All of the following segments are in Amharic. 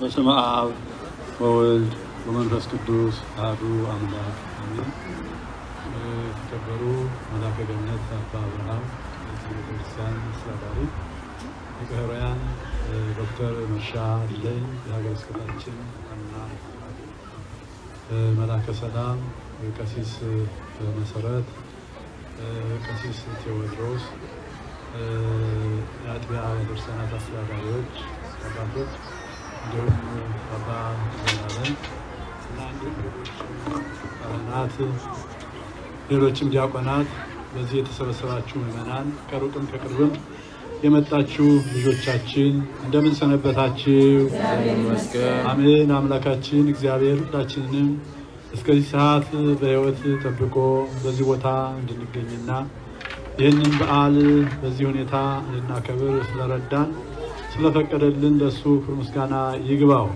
በስመ አብ ወወልድ በመንፈስ ቅዱስ አሐዱ አምላክ አሜን። የተከበሩ መላከ ገነት አባ አብርሃም የዚህ ቤተክርስቲያን አስተዳዳሪ፣ የቀህሮያን ዶክተር መርሻ ድለይ የሀገረ ስብከታችን ዋና መላከ ሰላም ቀሲስ መሰረት፣ ቀሲስ ቴዎድሮስ፣ የአጥቢያ ደርሰናት አስተዳዳሪዎች፣ አባቶች እንዲሁም አባ ካህናት፣ ሌሎችም ዲያቆናት፣ በዚህ የተሰበሰባችሁ ምዕመናን፣ ከሩቅም ከቅርብም የመጣችሁ ልጆቻችን እንደምን ሰነበታችሁ? አሜን። አምላካችን እግዚአብሔር ሁላችንንም እስከዚህ ሰዓት በሕይወት ጠብቆ በዚህ ቦታ እንድንገኝና ይህንን በዓል በዚህ ሁኔታ እንድናከብር ስለረዳን ስለፈቀደልን ለእሱ ክብር ምስጋና ይግባው።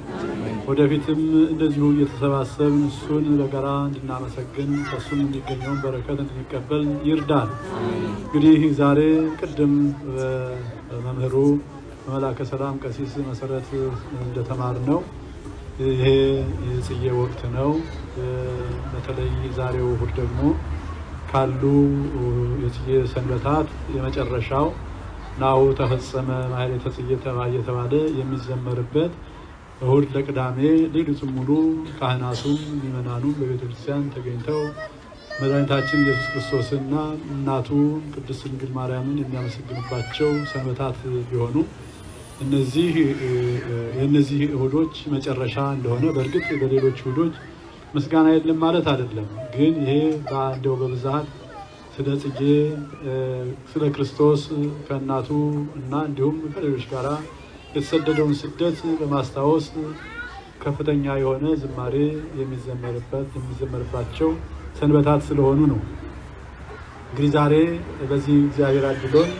ወደፊትም እንደዚሁ እየተሰባሰብን እሱን በጋራ እንድናመሰግን ከእሱም እንዲገኘውን በረከት እንድንቀበል ይርዳል። እንግዲህ ዛሬ ቅድም መምህሩ በመላከ ሰላም ቀሲስ መሰረት እንደተማር ነው ይሄ የጽጌ ወቅት ነው። በተለይ ዛሬው እሑድ ደግሞ ካሉ የጽጌ ሰንበታት የመጨረሻው ናሁ ተፈጸመ ማሕሌተ ጽጌ እየተባለ የሚዘመርበት እሁድ ለቅዳሜ ሌሊቱን ሙሉ ካህናቱም ምዕመናኑም በቤተክርስቲያን ተገኝተው መድኃኒታችን ኢየሱስ ክርስቶስና እናቱ ቅድስት ድንግል ማርያምን የሚያመሰግንባቸው ሰንበታት ቢሆኑ እነዚህ የእነዚህ እሁዶች መጨረሻ እንደሆነ በእርግጥ በሌሎች እሁዶች ምስጋና የለም ማለት አይደለም። ግን ይሄ እንደው በብዛት ስለ ጽጌ ስለ ክርስቶስ ከእናቱ እና እንዲሁም ከሌሎች ጋር የተሰደደውን ስደት በማስታወስ ከፍተኛ የሆነ ዝማሬ የሚዘመርበት የሚዘመርባቸው ሰንበታት ስለሆኑ ነው። እንግዲህ ዛሬ በዚህ እግዚአብሔር አድሎን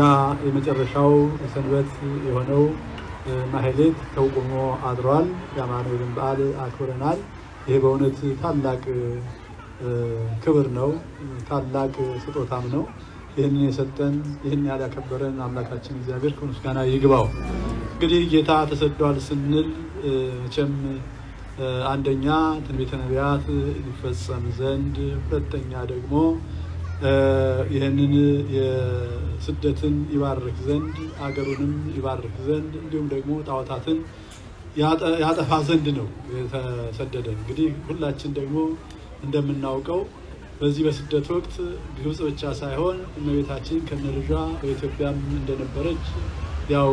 ያ የመጨረሻው ሰንበት የሆነው ማህሌት ተውቁሞ አድሯል። የአማኑኤልን በዓል አክብረናል። ይሄ በእውነት ታላቅ ክብር ነው፣ ታላቅ ስጦታም ነው። ይህንን የሰጠን ይህን ያላከበረን አምላካችን እግዚአብሔር ከምስጋና ይግባው። እንግዲህ ጌታ ተሰዷል ስንል መቼም አንደኛ ትንቢተ ነቢያት ሊፈጸም ዘንድ፣ ሁለተኛ ደግሞ ይህንን የስደትን ይባርክ ዘንድ አገሩንም ይባርክ ዘንድ እንዲሁም ደግሞ ጣዖታትን ያጠፋ ዘንድ ነው የተሰደደ። እንግዲህ ሁላችን ደግሞ እንደምናውቀው በዚህ በስደት ወቅት ግብጽ ብቻ ሳይሆን እመቤታችን ከነ በኢትዮጵያም እንደነበረች ያው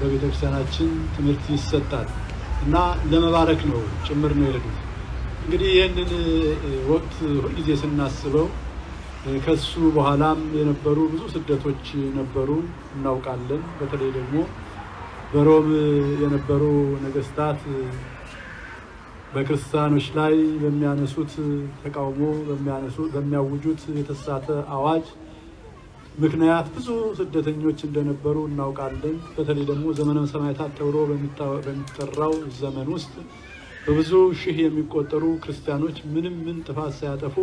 በቤተክርስቲያናችን ትምህርት ይሰጣል እና ለመባረክ ነው ጭምር ነው የሄዱት። እንግዲህ ይህንን ወቅት ሁልጊዜ ስናስበው ከሱ በኋላም የነበሩ ብዙ ስደቶች ነበሩ እናውቃለን። በተለይ ደግሞ በሮም የነበሩ ነገስታት በክርስቲያኖች ላይ በሚያነሱት ተቃውሞ በሚያውጁት የተሳተ አዋጅ ምክንያት ብዙ ስደተኞች እንደነበሩ እናውቃለን። በተለይ ደግሞ ዘመነ ሰማዕታት ተብሎ በሚጠራው ዘመን ውስጥ በብዙ ሺህ የሚቆጠሩ ክርስቲያኖች ምንም ምን ጥፋት ሳያጠፉ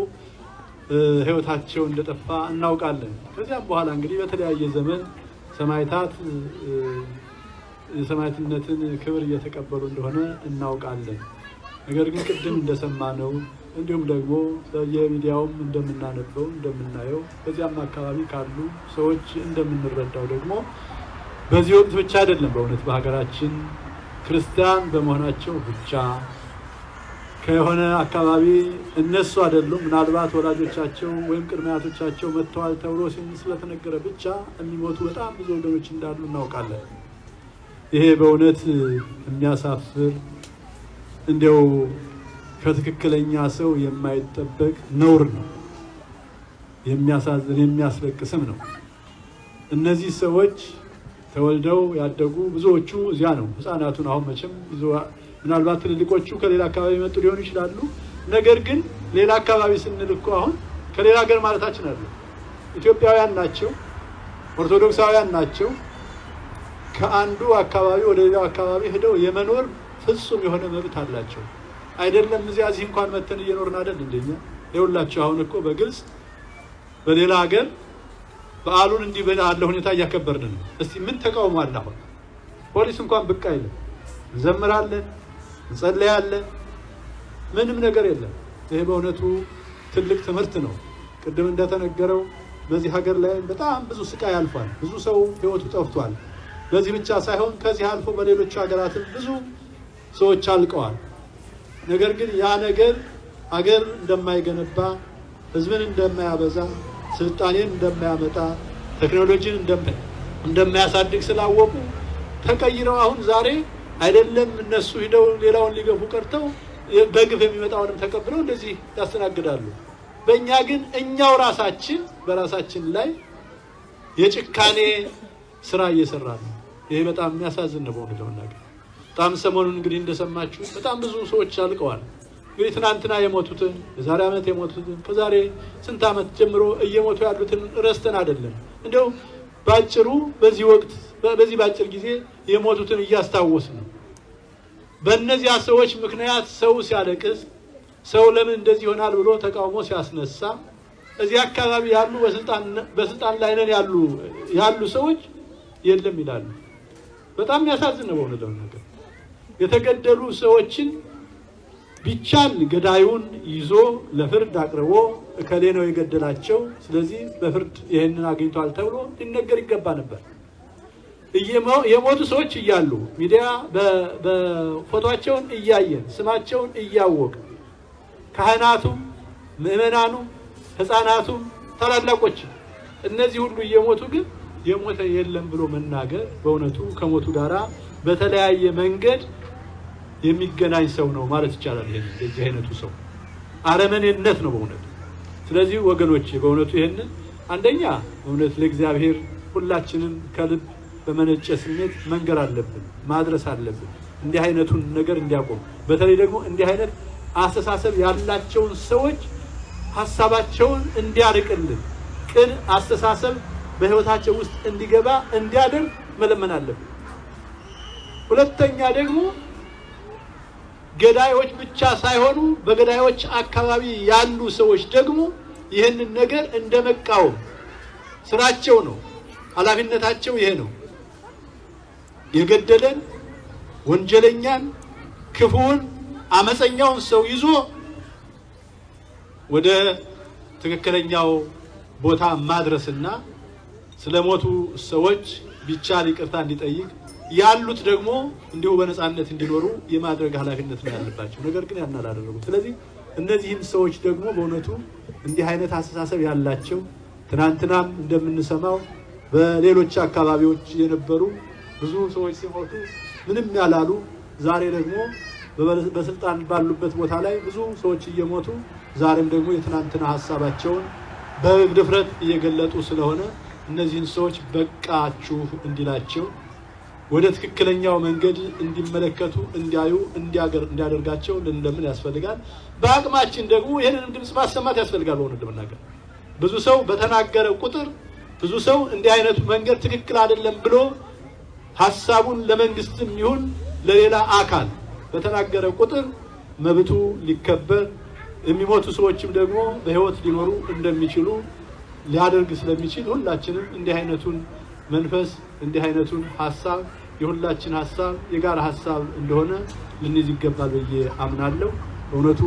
ሕይወታቸው እንደጠፋ እናውቃለን። ከዚያም በኋላ እንግዲህ በተለያየ ዘመን ሰማዕታት የሰማዕትነትን ክብር እየተቀበሉ እንደሆነ እናውቃለን። ነገር ግን ቅድም እንደሰማነው እንዲሁም ደግሞ በየሚዲያውም እንደምናነበው እንደምናየው በዚያም አካባቢ ካሉ ሰዎች እንደምንረዳው ደግሞ በዚህ ወቅት ብቻ አይደለም። በእውነት በሀገራችን ክርስቲያን በመሆናቸው ብቻ ከሆነ አካባቢ እነሱ አይደሉም ምናልባት ወላጆቻቸው ወይም ቅድሚያቶቻቸው መጥተዋል ተብሎ ስለተነገረ ብቻ የሚሞቱ በጣም ብዙ ወገኖች እንዳሉ እናውቃለን። ይሄ በእውነት የሚያሳፍር እንዲያው ከትክክለኛ ሰው የማይጠበቅ ነውር ነው። የሚያሳዝን የሚያስለቅስም ነው። እነዚህ ሰዎች ተወልደው ያደጉ ብዙዎቹ እዚያ ነው። ህፃናቱን አሁን መቼም ምናልባት ትልልቆቹ ከሌላ አካባቢ መጡ ሊሆኑ ይችላሉ። ነገር ግን ሌላ አካባቢ ስንል እኮ አሁን ከሌላ ሀገር ማለታችን አለ። ኢትዮጵያውያን ናቸው፣ ኦርቶዶክሳውያን ናቸው። ከአንዱ አካባቢ ወደ ሌላው አካባቢ ሄደው የመኖር ፍጹም የሆነ መብት አላቸው። አይደለም እዚያ እዚህ እንኳን መተን እየኖርን አይደል እንደኛ ይኸውላችሁ፣ አሁን እኮ በግልጽ በሌላ ሀገር በዓሉን እንዲህ ባለ ሁኔታ እያከበርን ነው። እስቲ ምን ተቃውሞ አለ? አሁን ፖሊስ እንኳን ብቅ አይልም። እንዘምራለን፣ እንጸለያለን፣ ምንም ነገር የለም። ይሄ በእውነቱ ትልቅ ትምህርት ነው። ቅድም እንደተነገረው በዚህ ሀገር ላይ በጣም ብዙ ስቃይ አልፏል። ብዙ ሰው ህይወቱ ጠፍቷል። በዚህ ብቻ ሳይሆን ከዚህ አልፎ በሌሎች ሀገራትም ብዙ ሰዎች አልቀዋል። ነገር ግን ያ ነገር አገር እንደማይገነባ፣ ህዝብን እንደማያበዛ፣ ስልጣኔን እንደማያመጣ፣ ቴክኖሎጂን እንደማያሳድግ ስላወቁ ተቀይረው አሁን ዛሬ አይደለም እነሱ ሂደው ሌላውን ሊገፉ ቀርተው በግፍ የሚመጣውንም ተቀብለው እንደዚህ ያስተናግዳሉ። በእኛ ግን እኛው ራሳችን በራሳችን ላይ የጭካኔ ስራ እየሰራ ነው። ይሄ በጣም የሚያሳዝን ነው በእውነት ለመናገር። በጣም ሰሞኑን እንግዲህ እንደሰማችሁ በጣም ብዙ ሰዎች አልቀዋል። እንግዲህ ትናንትና የሞቱትን የዛሬ ዓመት የሞቱትን ከዛሬ ስንት ዓመት ጀምሮ እየሞቱ ያሉትን ረስተን አይደለም እንዲያው ባጭሩ በዚህ ወቅት በዚህ ባጭር ጊዜ የሞቱትን እያስታወስ ነው። በእነዚያ ሰዎች ምክንያት ሰው ሲያለቅስ፣ ሰው ለምን እንደዚህ ይሆናል ብሎ ተቃውሞ ሲያስነሳ እዚህ አካባቢ ያሉ በስልጣን ላይ ነን ያሉ ያሉ ሰዎች የለም ይላሉ። በጣም የሚያሳዝን ነው በእውነት ለመናገር የተገደሉ ሰዎችን ቢቻል ገዳዩን ይዞ ለፍርድ አቅርቦ እከሌ ነው የገደላቸው፣ ስለዚህ በፍርድ ይህንን አግኝቷል ተብሎ ሊነገር ይገባ ነበር። የሞቱ ሰዎች እያሉ ሚዲያ በፎቶቸውን እያየን ስማቸውን እያወቅ ካህናቱም፣ ምእመናኑ ህፃናቱም፣ ታላላቆችም እነዚህ ሁሉ እየሞቱ ግን የሞተ የለም ብሎ መናገር በእውነቱ ከሞቱ ጋራ በተለያየ መንገድ የሚገናኝ ሰው ነው ማለት ይቻላል። ይሄ የዚህ አይነቱ ሰው አረመኔነት ነው በእውነቱ። ስለዚህ ወገኖች በእውነቱ ይህንን አንደኛ እውነት ለእግዚአብሔር ሁላችንም ከልብ በመነጨ ስሜት መንገር አለብን፣ ማድረስ አለብን። እንዲህ አይነቱን ነገር እንዲያቆም በተለይ ደግሞ እንዲህ አይነት አስተሳሰብ ያላቸውን ሰዎች ሀሳባቸውን እንዲያርቅልን ቅን አስተሳሰብ በህይወታቸው ውስጥ እንዲገባ እንዲያደርግ መለመን አለብን። ሁለተኛ ደግሞ ገዳዮች ብቻ ሳይሆኑ በገዳዮች አካባቢ ያሉ ሰዎች ደግሞ ይህንን ነገር እንደ መቃወም ስራቸው ነው፣ ኃላፊነታቸው ይሄ ነው። የገደለን ወንጀለኛን፣ ክፉውን፣ አመፀኛውን ሰው ይዞ ወደ ትክክለኛው ቦታ ማድረስና ስለሞቱ ሰዎች ቢቻል ይቅርታ እንዲጠይቅ ያሉት ደግሞ እንዲሁ በነፃነት እንዲኖሩ የማድረግ ኃላፊነት ነው ያለባቸው። ነገር ግን ያን አላደረጉም። ስለዚህ እነዚህን ሰዎች ደግሞ በእውነቱ እንዲህ አይነት አስተሳሰብ ያላቸው ትናንትናም እንደምንሰማው በሌሎች አካባቢዎች የነበሩ ብዙ ሰዎች ሲሞቱ ምንም ያላሉ፣ ዛሬ ደግሞ በስልጣን ባሉበት ቦታ ላይ ብዙ ሰዎች እየሞቱ ዛሬም ደግሞ የትናንትና ሀሳባቸውን በድፍረት እየገለጡ ስለሆነ እነዚህን ሰዎች በቃችሁ እንዲላቸው ወደ ትክክለኛው መንገድ እንዲመለከቱ፣ እንዲያዩ፣ እንዲያደርጋቸው ልንለምን ያስፈልጋል። በአቅማችን ደግሞ ይህንንም ድምፅ ማሰማት ያስፈልጋል። በእውነት ለመናገር ብዙ ሰው በተናገረ ቁጥር ብዙ ሰው እንዲህ አይነቱ መንገድ ትክክል አይደለም ብሎ ሀሳቡን ለመንግስትም ይሁን ለሌላ አካል በተናገረ ቁጥር መብቱ ሊከበር የሚሞቱ ሰዎችም ደግሞ በህይወት ሊኖሩ እንደሚችሉ ሊያደርግ ስለሚችል ሁላችንም እንዲህ አይነቱን መንፈስ እንዲህ አይነቱን ሀሳብ የሁላችን ሀሳብ የጋራ ሀሳብ እንደሆነ ልንይዝ ይገባል ብዬ አምናለሁ። እውነቱ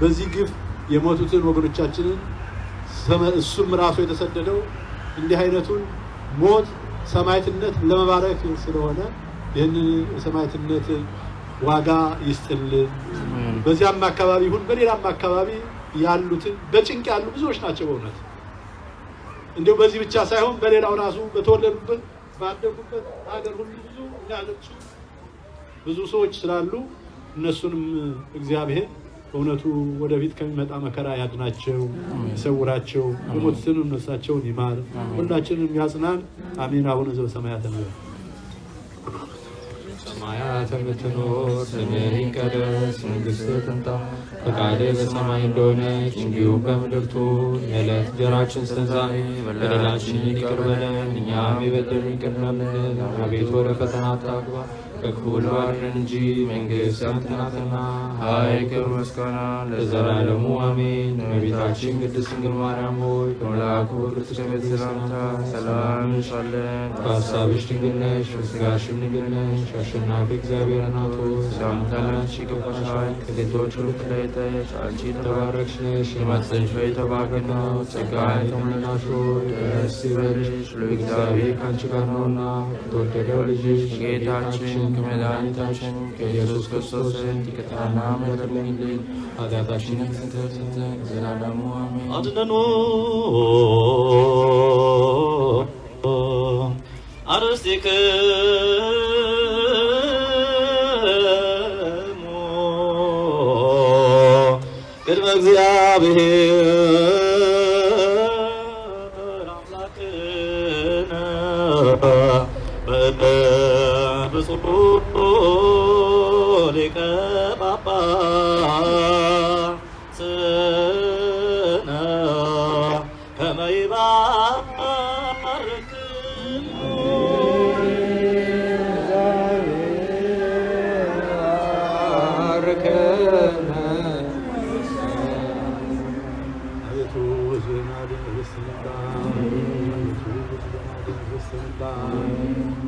በዚህ ግፍ የሞቱትን ወገኖቻችንን እሱም ራሱ የተሰደደው እንዲህ አይነቱን ሞት ሰማዕትነት ለመባረክ ስለሆነ ይህንን የሰማዕትነት ዋጋ ይስጥልን። በዚያም አካባቢ ይሁን በሌላም አካባቢ ያሉትን በጭንቅ ያሉ ብዙዎች ናቸው በእውነት እንዲሁ በዚህ ብቻ ሳይሆን በሌላው ራሱ በተወለዱበት ባደጉበት ሀገር ሁሉ ብዙ ያለቅሱ ብዙ ሰዎች ስላሉ እነሱንም እግዚአብሔር በእውነቱ ወደፊት ከሚመጣ መከራ ያድናቸው፣ ይሰውራቸው፣ የሞቱትን እነሳቸውን ይማር፣ ሁላችንም ያጽናን። አሜን። አቡነ ዘበሰማያት በሰማያት የምትኖር ስምህ ይቀደስ፣ መንግሥትህ ትምጣ፣ ፈቃድህ በሰማይ እንደሆነች እንዲሁም በምድር ትሁን። የዕለት እንጀራችን ስጠን ዛሬ፣ በደላችንን ይቅር በለን እኛም የበደሉንን ይቅር እንደምንል፣ አቤቱ ወደ ፈተና አታግባን እኩል አድነን እንጂ መንግሥት ያንተ ናትና፣ ኃይል፣ ክብር፣ ምስጋና ለዘላለሙ አሜን። እመቤታችን ቅድስት ድንግል ማርያም ሆይ ከመልአኩ ቅዱስ ገብርኤል ሰላምታ ሰላም እንልሻለን። በሐሳብሽ ድንግል ነሽ፣ በሥጋሽም ድንግል ነሽ። አሸናፊ እግዚአብሔር እናቱ ሰላምታ ላንቺ ይገባሻል። ከሴቶች ሁሉ ተለይተሽ አንቺ የተባረክሽ ነሽ፣ የማኅፀንሽ ፍሬ የተባረከ ነው። ጸጋን የተሞላሽ ሆይ ደስ ይበልሽ፣ እግዚአብሔር ከአንቺ ጋር ነውና፣ የተወደደው ልጅሽ ጌታችን ድንቅ መድኃኒታችን ከኢየሱስ ክርስቶስ ዘንድ ይቅርታና ምሕረት ለሚለኝ ኃጢአታችንን ስትር ስትር ዘላለሙ አሜን። አድነኑ አርሴክሙ ቅድመ እግዚአብሔር का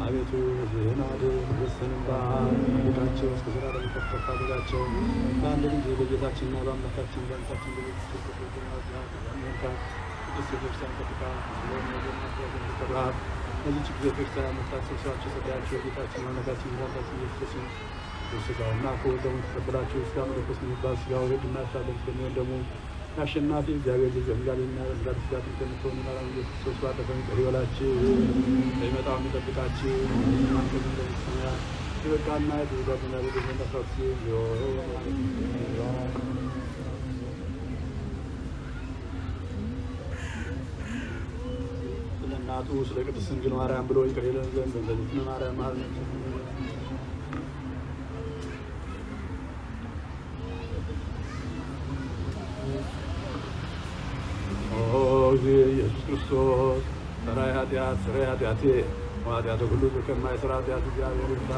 አቤቱ ህዝብህን አድን፣ ርስህንም በዓል ቡዳቸው እስከ ዘላለም ከፍ ከፍ አድርጋቸው። በአንድ ጊዜ በጌታችንና በአምላካችን በአንታችን ቅድስት ቤተክርስቲያን ጠብቃ ስለሆነገናት እዚች ጌታችን አምላካችን ራሳችን ኢየሱስን ስጋውና ክቡር ደሙን ተቀበላችሁ ስጋ መለኮስ የሚባል ስጋው ህግና ፍርድ ለሚሆን ደግሞ አሸናፊ እግዚአብሔር ልጅ ዘጋቢና ረዳት ስጋት እንደምትሆኑ ማራ ክርስቶስ ባጠፈን ቀሪበላችሁ ይመጣው የሚጠብቃችሁ ማንተ እንደሚሰማ ይበቃና የተዘጋጁና ቤተሰንዳሳት ስለ እናቱ ስለ ቅድስት ድንግል ማርያም ብሎ ይቅር ይለን ዘንድ በዘኒትነ ማርያም ማርነ ክርስቶስ ሰራይ ኃጢአት ስራይ ኃጢአቴ ዋጢአተ ሁሉ ከማይ ስራ ኃጢአት እግዚአብሔር ይርዳ።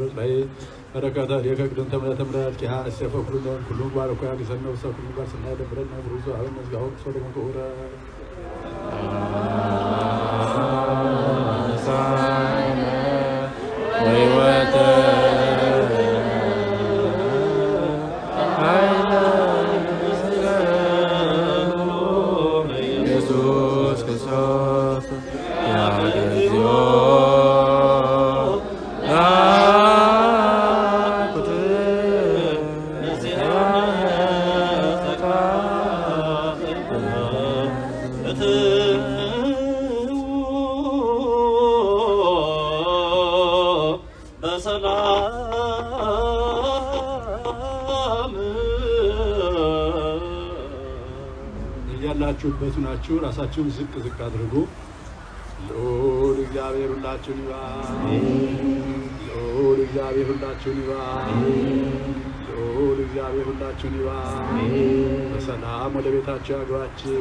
ጅባሎይ ረከታሪከ ቅድም ተምረተምረት ኪሃስ ፈኩሉን ኩሉም ባርኮ ያግዘነው ሰኩሉም ጋር ስናይ ደብረና ብሩዞ አሁን መዝጋሁን ሰለሞን ቁረ ያላችሁበት ናችሁ። ራሳችሁን ዝቅ ዝቅ አድርጉ። ልዑል እግዚአብሔር ሁላችሁን ይባርክ። ልዑል እግዚአብሔር ሁላችሁን ይባርክ። ልዑል እግዚአብሔር ሁላችሁን ይባርክ። በሰላም ወደ ቤታችሁ ያግባችሁ።